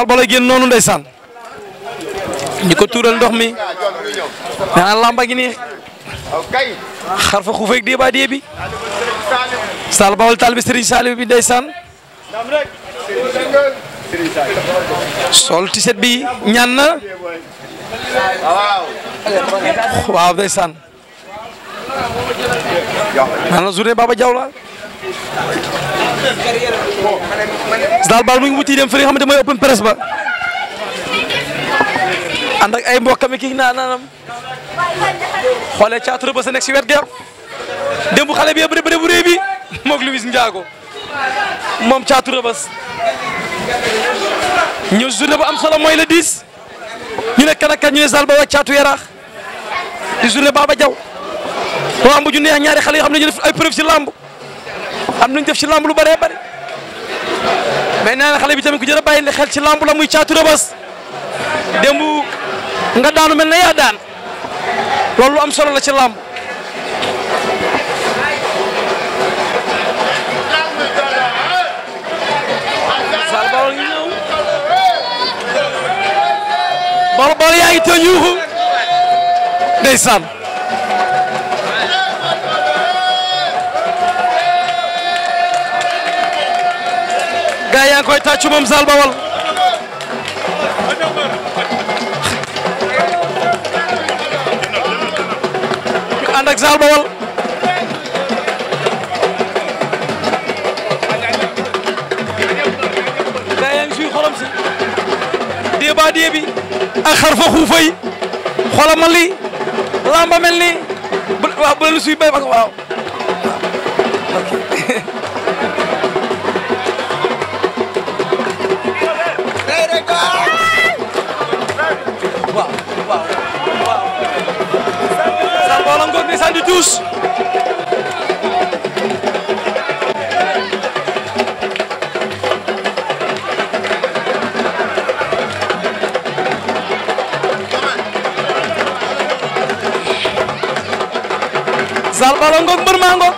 bal bala génn ko tuural ndox mi nana lamba gi nii xarfa bi sal sol tiset bi ñaan na waaw ndeysaan nana journée Baba Diaw la daal bal mu wuti dem fi nga xamante open press ba ànd ay mbokkam ki naa naanam xoolee caaturo ba sa nekk si wet ga démb xale bi bëre bëre bu réy bi moog Louis Ndiago moom caatu rëbës ñëw journée bu am solo mooy le 10 ñu ne kan ak ne sal ba wàcc caatu yaraax di journée Baba Diaw lamb ju neex ñaari xale yoo xam ne ñu def ay preuve ci lamb am nañ def ci lamb lu bëree bëri mais na xale bi tamit ku jër a bàyyi xel ci lamb la muy caatu rëbës démb nga daanu mel na yaa daan loolu am solo la ci lamb Bawol Bawol yaa ngi tëj yuuxu ndeysaan ngi koy tàccu moom Zal Bawol ñu ànd ak Zal Bawol gaa yaa ngi suy xolam si dée baa dée bi ak xar fa xuufay xolama li lamba mel ni waaw bu leen suy bay waaw Sall Bala mbër maa mbay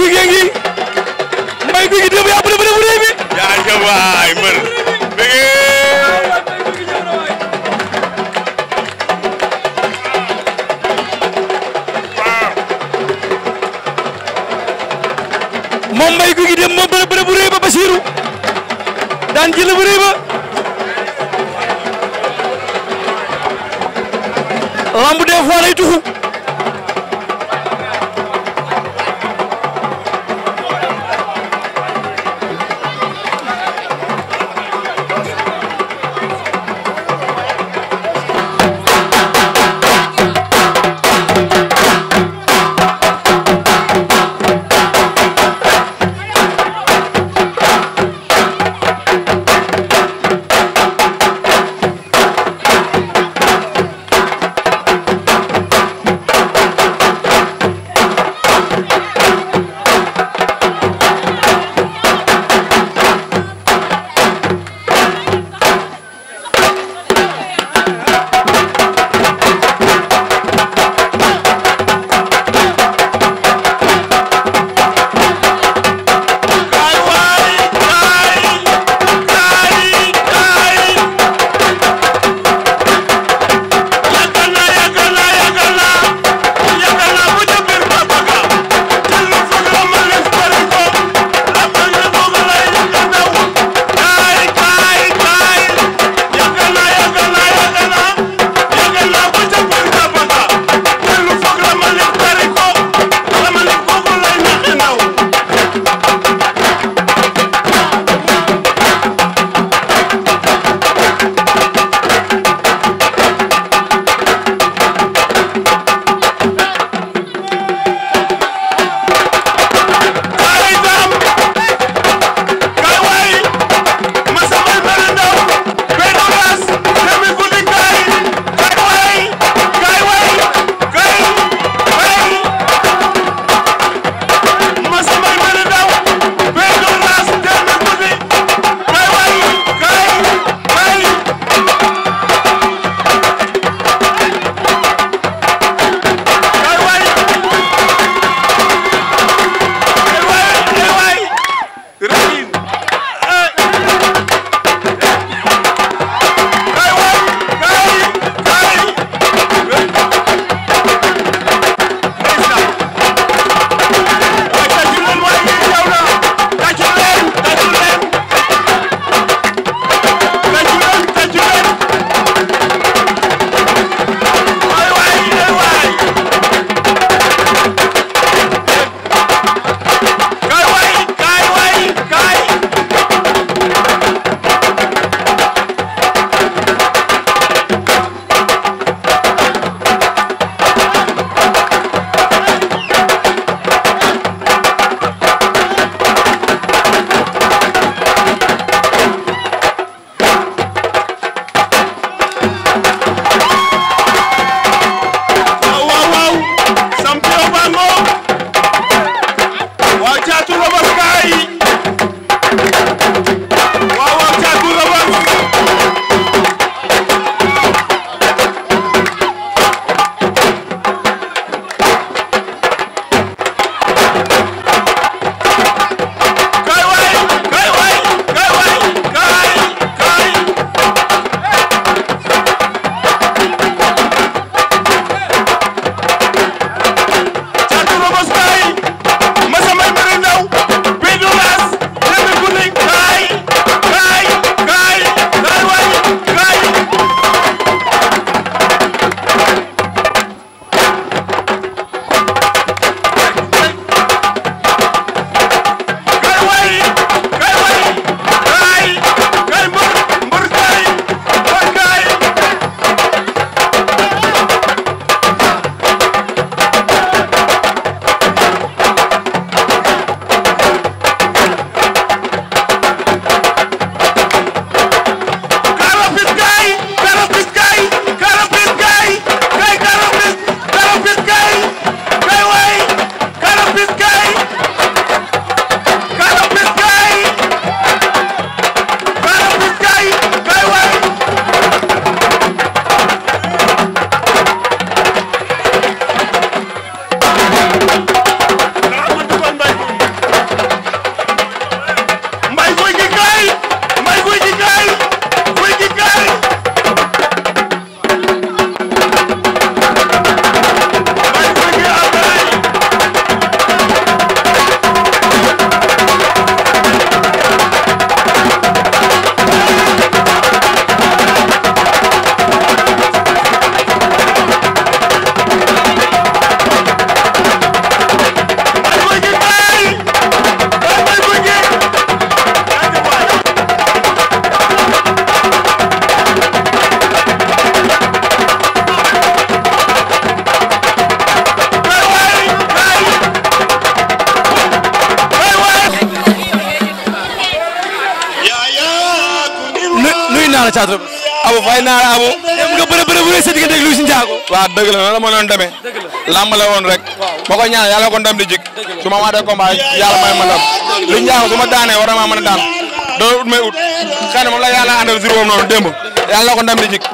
guy gee ngi mbay guy gi démb yaa bëri bëri yaa ngi waay mbër moom mbay guy gi démb moo bëri bëri ba Basiru daan jël bu lamb des fois lay tuxu naa la caatu rëbës. abu fay naa la abu. dem nga bëre bëre bu rëy sa diggante ak Luis Ndiago. waaw dëgg la noonu la ma doon demee. dëgg la làmb la woon rek. waaw ma ko ñaan yàlla ko ndam di jik su ma amaatee combat yàlla may ma ndam. Luis Ndiago su ma daanee war na maa mën a daan. doo ut may moom la yàlla àndal si jik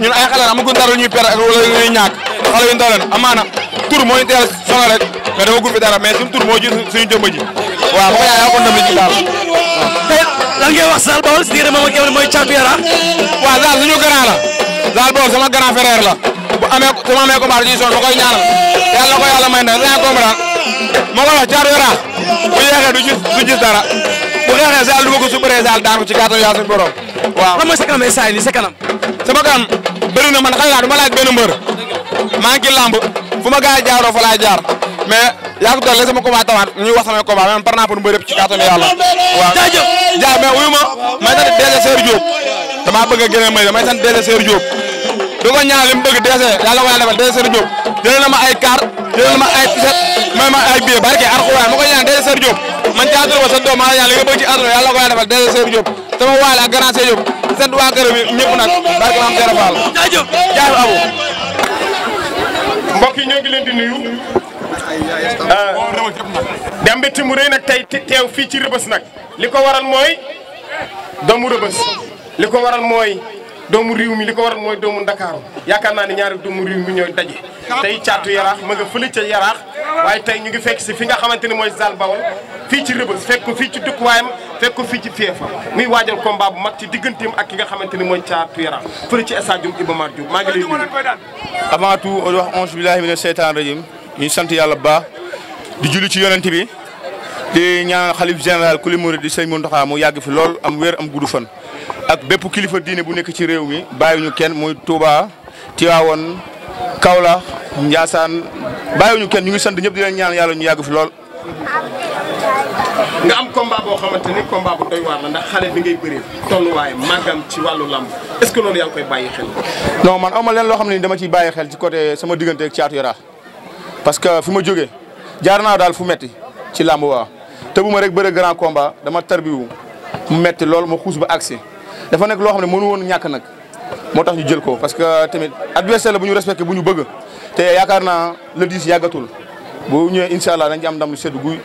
ñun ay xale la amaguñ ñuy perte ak ñuy ñàkk. xale yu ndaw leen amaana tur moo ñu teel solo rek mais dama gudd fi dara mais suñu tur moo ji suñu jëmb lan ngay wax Zal Baol si diggante moom ak yow mooy Thiatou Yara. waaw Zal suñu grand la. Zal Baol sama grand frère la. bu amee su ma amee combat dañuy sonn ma koy ñaanal yàlla na ko yàlla may ndax dinaa comprendre ma koy wax Thiatou Yara bu yéexee du gis du gis dara bu xeexee Zal du ma ko su bëree Zal daan ko ci kàttan yàlla suñu borom waaw. xam nga sa kanam ay saa yi nii sa kanam. sama kanam bëri na maa ngi fu ma gars yi jaaroo fa laay jaar. mais yaa ngi doon léegi sama combat tawaat ñu wax sama combat man par naa pour mbéy ci kàttanu yàlla. waaw wuyu ma may sant DG Seydou Diop damaa bëgg a a may may sant DG Seydou Diop. du ko ñaan li mu bëgg DG yàlla ko yàlla defal DG Seydou Diop jëlee na ma ay car jëlee na ma ay tiset may ma ay billet barke alxuraan ma koy ñaan DG Seydou Diop ma sa doom maa la ñaan li nga bëgg ci àdduna yàlla ko yàlla defal DG Seydou Diop sama waay waa kër bi ñëpp nag barke maam Serap Fall. di am mbégte mu rëy nag tey teew fii ci rëbës nag li ko waral mooy doomu rëbës li ko waral mooy doomu réew mi li ko waral mooy doomu ndakaaru yaakaar naa ne ñaari doomu réew mu ñëw daje tey caatu yaraax ma nga fële ca yaraax waaye tey ñu ngi fekk si fi nga xamante ne mooy Zal Bawol fii ci rëbës fekk ko fii ci dëkkuwaayam fekk ko fii ci feefa muy waajal combat bu mag ci digganteem ak ki nga xamante ne mooy caatu yaraax fële ci stade Iba Mar Diop maa ngi lay nuyu avant tout wax ñu sant yàlla bu baax di julli ci yonent bi di ñaanal xalif général kuli murid di sëñ Mountakha mu yàgg fi lool am wér am gudd fan. ak bépp kilifa diine bu nekk ci réew mi bàyyiwuñu kenn muy Touba Tivaouane Kaolack Ndiassane bàyyiwuñu kenn ñu ngi sant ñëpp di leen ñaan yàlla ñu yàgg fi lool. nga am combat boo ni combat bu doy waar la ndax xale bi ngay bëree tolluwaay màggam ci wàllu lamb est-ce que loolu yaa ngi koy bàyyi xel. non man aw ma leen loo xam ne dama ciy bàyyi xel ci côté parce que fi ma jógee jaar naa daal fu metti ci làmb waa tëbu ma rek bëre grand comba dama tarbiwu mu metti loolu ma xuus ba agsi dafa nekk loo xam ne mënu woon ñàkk nag moo tax ñu jël ko parce que tamit adversaire la bu ñu respecté bu ñu bëgg te yaakaar naa le 10 yàggatul bu ñëwee incha allah dañ ci am ndam lu sedd guy.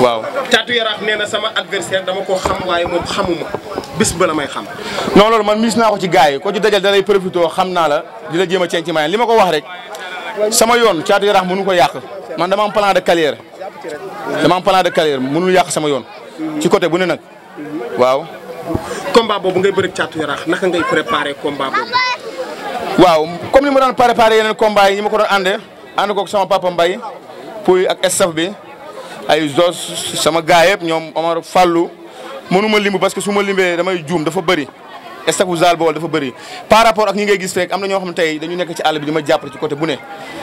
waaw. Caatu Yaraax nee na sama adversaire dama ko xam waaye moom xamuma bis ba la may xam. non loolu man mis naa ko ci gars yi ko ci dajal da lay xam naa la di la jéem a ceeñ ci maay li ma ko wax rek. sama yoon caatu yaraax mënu ko yàq man dama am plan de carrière dama am plan de carrière mënul yàq sama yoon. ci côté bu ne nag waaw. combat boobu ngay bëri caatu yaraax naka ngay préparé combat boobu. waaw comme ni ma daan préparé yeneen combat yi ma ko doon àndee ànd koog sama papa Mbaye puy ak staff bi ay zos sama gaay ñoom Omar Fallou mënu ma limb parce que su ma limbee damay juum dafa bëri. stafu Zal Baol dafa bëri par rapport ak ñi ngay gis fekk am na ñoo xam ne tey dañu nekk ci àll bi di ma jàppale ci côté bu ne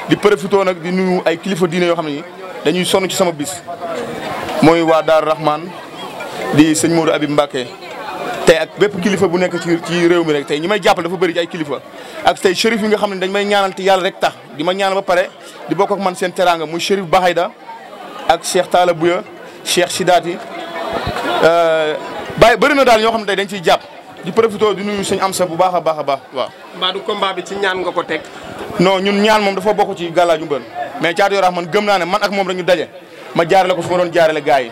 di profité nag di nu ay kilifa diine yoo xam ne dañuy sonn ci sama bis mooy waa Daaru Rahman di sëñ Modou Abib Mbacké tey ak bépp kilifa bu nekk ci ci réew mi rek tey ñi may jàppale dafa bëri ay kilifa ak tey chérif yi nga xam ne dañ may ñaanal te yàlla rek tax di ma ñaanal ba pare di bokk man seen teraanga muy chérif Bahayda ak Cheikh Talla Bouya Cheikh Sidaati euh, bàyyi bëri na daal ñoo xam ne tey dañ ciy jàpp di profité di nuyu suñ am sa bu baax a baax a baax waaw. mbaa du combat ci ñaan nga ko teg. non ñun ñaan moom dafa bokk ci gàllaaju mbër mais Caatu Yaraax man gëm naa ne man ak moom rek ñu daje ma jaarale ko fu ma doon jaarale gars yi.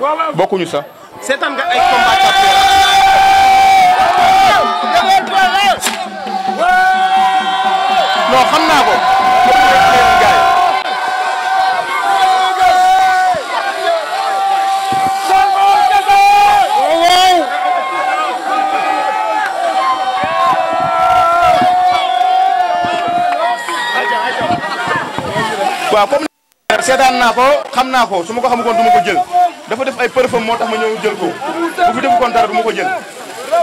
waaw bokkuñu sax. seetaan nga ay combat non xam naa ko. waaw comme seetaan naa ko xam naa ko su ma ko xamukoon du ma ko jël dafa def ay përfam moo tax ma ñëw jël ko bu dem defukoon dara du ma ko jël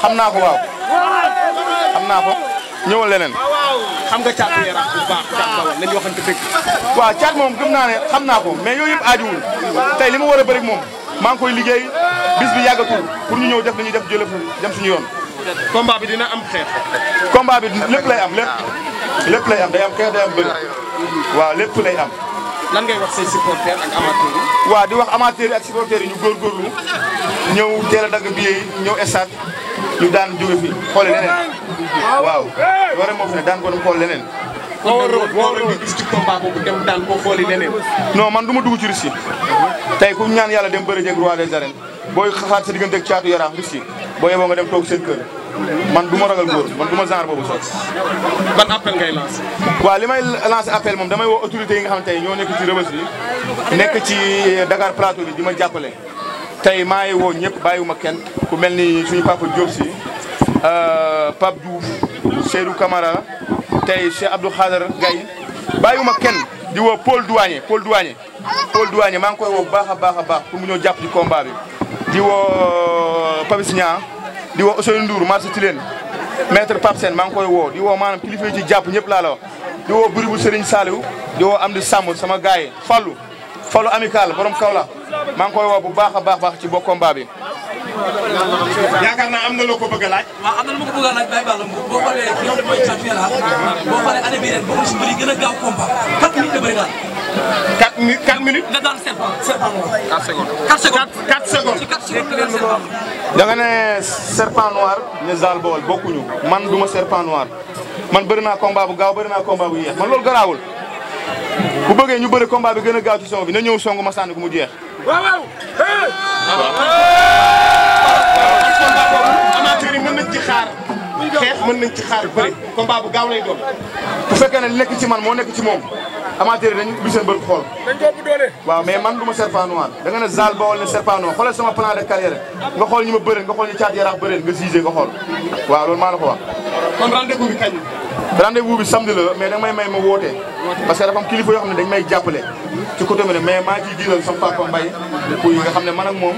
xam naa ko waaw xam naa ko ñëwal leneen xam nga caatu yaraax bu baax caat waaw caat moom gëm naa ne xam naa ko mais yooyu yëpp aajuwul tey li ma war a bëri moom maa koy liggéey bis bi yàggatul pour ñu ñëw def li ñuy def jëlëf dem suñu yoon combat bi dina am xeex combat bi lay am lépp lépp lay am day am xeex day am bëri waaw lépp lay am. lan ngay wax say supporter ak amateur yi. di wax amateur yi ak supporter yi ñu góorgóorlu ñëw teel a dagg billet yi ñëw stade ñu daan jóge xoole xool leneen waaw loolu a fi ne daan ko doon xool leneen. boo waroon gis ci combat dem daan ko xooli leneen. noo man du ma dugg ci risque yi ku ñaan yalla dem bëri jeeg roi des arènes booy xaxaat sa diggante ak caatu yaraax risque boo yeboo nga dem toog seen kër man duma ma ragal góor man du ma genre boobu sax. ban appel ngay lancé. waaw li may lancé appel moom damay woo autorités yi nga xam tey ñoo nekk ci Rebeuss bi nekk ci Dakar Plateau bi di ma jàppale. tey maa ngi woo ñëpp bàyyiwuma kenn ku mel ni suñu papa Diop si euh, Pape Diouf Seydou Camara tey Cheikh Abdou Khader Gaye bàyyiwuma kenn di woo Paul Douanier Paul Douanier Paul Douanier maa ngi koy woo bu baax a baax a baax pour mu ñëw jàpp ci combat bi. di woo euh, Papis Niang di woo Ousseynou Ndour marché ci leen maître Pape maa ngi koy woo di woo maanaam kilifa yi ci jàpp ñëpp laa la wax di woo buri bu Serigne Saliou di woo di Samb sama gars yi Fallou Fallou amical borom Kaolack maa ngi koy woo bu baax a baax baax ci bokk combat bi yaakaar naa am na loo ko bëgg a laaj. waaw am na lu ma ko bëgg a laaj Baye Balla boo xoolee yow li mooy Thiatou Yarakh. boo xoolee année bii ren boo xam si mbir yi gën a gaaw combat 4 minutes de bëri daal. 4 minutes 4 minutes. da daan 7 serpent 4 secondes. 4 secondes 4 secondes. ci 4 secondes da nga ne serpent noir ne Zal Baol bokkuñu man du ma serpent noir man bëri naa combat bu gaaw bëri naa combat bu yéex man loolu garaawul. bu bëggee ñu bëri combat bi gën a gaaw ci song bi na ñëw song ma sànni ko mu jeex. waaw waaw. ci xaar xeex mën nañ ci xaar bëri combat bu gaaw lay ne nekk ci man moo nekk ci moom amateur dañu bi seen bët xool dañ ko waaw mais man du ma serpent noir da nga ne zal bawol ne serpent noir xoolal sama plan de nga xool ñi bëreen nga xool ñi caat yaraax bëreen nga siisee nga xool waaw loolu maa la ko wax kon rendez-vous bi samedi la mais danga may may ma woote parce que dafa am kilifa yoo xam ne dañ may jàppale ci côté bi ne mais maa ciy jiital sama papa Mbaye pour yi nga xam ne man moom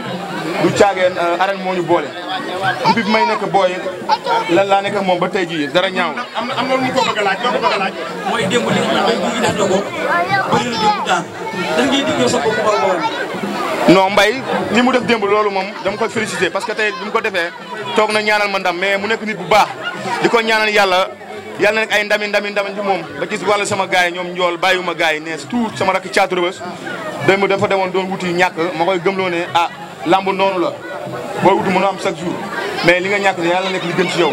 du caageen euh, arène moo ñu boole depuis bi may nekk booy lan laa nekk moom ba tey ji dara ñaaw am na am a laaj loo ko bëgg a laaj mooy ni mu def démb loolu moom dama koy féliciter parce que tey bi mu ko defee toog na ñaanal ma ndam mais mu nekk nit bu baax di ko ñaanal yàlla yàlla na nag ay ndami ndami ndami bi moom ba gis wàllu sama gars yi ñoom njool bàyyiwuma gars yi nees tout sama rakk caatu rëbës démb dafa demoon doon wuti ñàkk ma koy gëmloo ne ah, lamb noonu la booy wuti mën am chaque jour mais li nga ñàkk ne yàlla nekk li si yow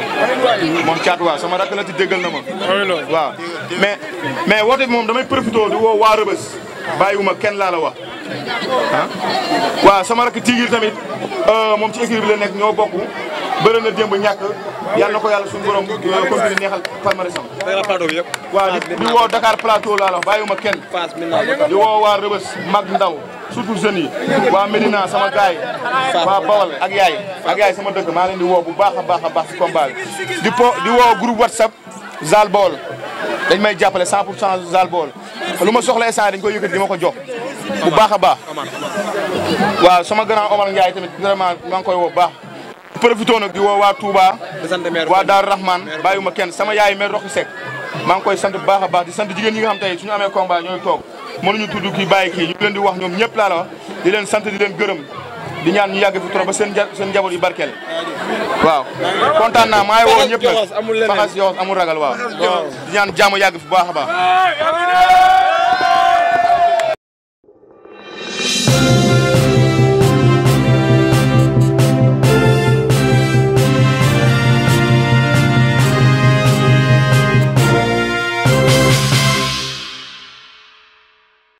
moom caatu waa sama rakk la ti déggal na ma waaw mais mais woote moom damay profité di woo waa rëbës ma kenn laa la wax ah waaw sama rakk tigir tamit euh, moom ci équipe bi la nekk ñoo bokk bëri na démb ñàkk yal na ko yàlla suñu borom continué neexal palmarèsam. waaw di woo Dakar Plateau laa la wax bàyyiwuma kenn. di woo waa Rëbës mag ndaw surtout jeunes yi. waa Medina sama gaay yi. waa Bawal ak yaay ak yaay sama dëkk maa leen di woo bu baax a baax a baax si combat di po di woo groupe WhatsApp Zal Baol dañ may jàppale 100 pour cent Zal Baol lu ma soxla instant dañ ko yëkkati di ma ko jox. bu baax a baax. waaw sama grand Omar Ndiaye tamit vraiment maa ngi koy woo baax. profité nag di woo waa Touba waa Daaru Rahman bàyyiwuma kenn sama yaay mère Roxi Seck maa ngi koy sant bu baax baax di sant jigéen ñi nga xam tey suñu amee combat ñooy toog mënuñu tudd kii bàyyi kii ñu leen di wax ñoom ñëpp laa di leen sant di leen gërëm di ñaan ñu yàgg fi trop ba seen seen njaboot yi barkeel waaw kontaan naa maa ngi woo ñëpp nag faxas yoxos amul ragal waaw di ñaan yàgg fi baax a baax